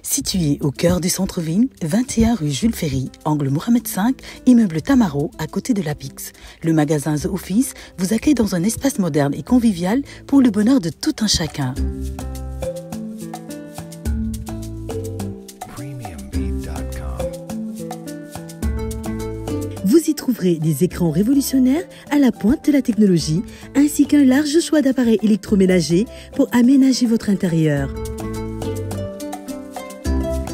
Situé au cœur du centre-ville, 21 rue Jules Ferry, angle Mohamed V, immeuble Tamaro, à côté de la Pix. Le magasin The Office vous accueille dans un espace moderne et convivial pour le bonheur de tout un chacun. Vous y trouverez des écrans révolutionnaires à la pointe de la technologie, ainsi qu'un large choix d'appareils électroménagers pour aménager votre intérieur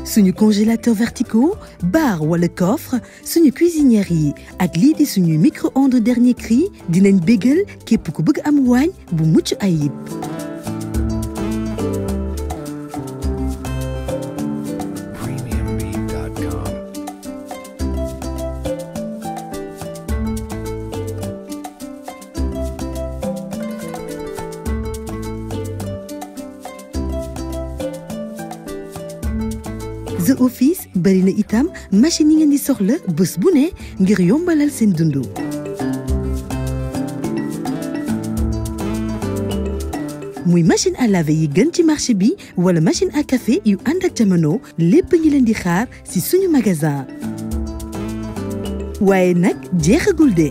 suñu congélateur verticaux bar ou le coffre suñu cuisinière agli ak di micro-ondes dernier cri dinen bagel, képp ku bëgg am wañ bu mucc ayib The Office bari na itam machine yi ngeen di soxla bés bu ne ngir yombalal seen dundu. muy machine à laver yi gën ci marché bi wala machine à café yu ànd ak jamono lépp ñi leen di xaar ci suñu magasin. waaye nag jeexagul de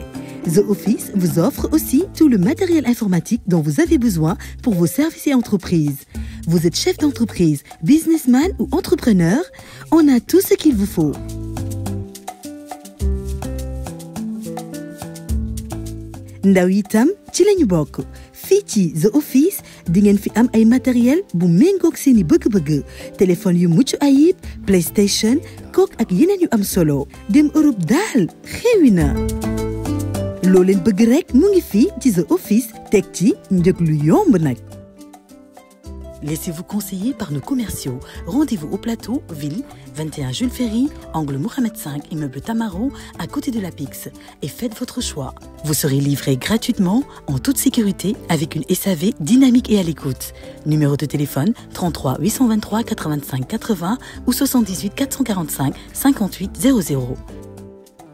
The Office vous offre aussi tout le matériel informatique dont vous avez besoin pour vos services et entreprises. Vous êtes chef d'entreprise, businessman ou entrepreneur on a tout ce qu'il vous faut. Ndawitam, itam ci lañu bokk The Office di fi am ay matériel bu méngoog seeni bëgg-bëgg téléphone yu mucc ayib PlayStation kok ak yeneen yu am solo dem Europe dal, xewi Lo leen bëgg rek mu ngi fi ci The Office teg ci njëg lu yomb nak. Laissez-vous conseiller par nos commerciaux. Rendez-vous au plateau Ville, 21 Jules Ferry, angle Mohamed V, immeuble Tamaro, à côté de la Pix. Et faites votre choix. Vous serez livré gratuitement, en toute sécurité, avec une SAV dynamique et à l'écoute. Numéro de téléphone 33 823 85 80 ou 78 445 58 00.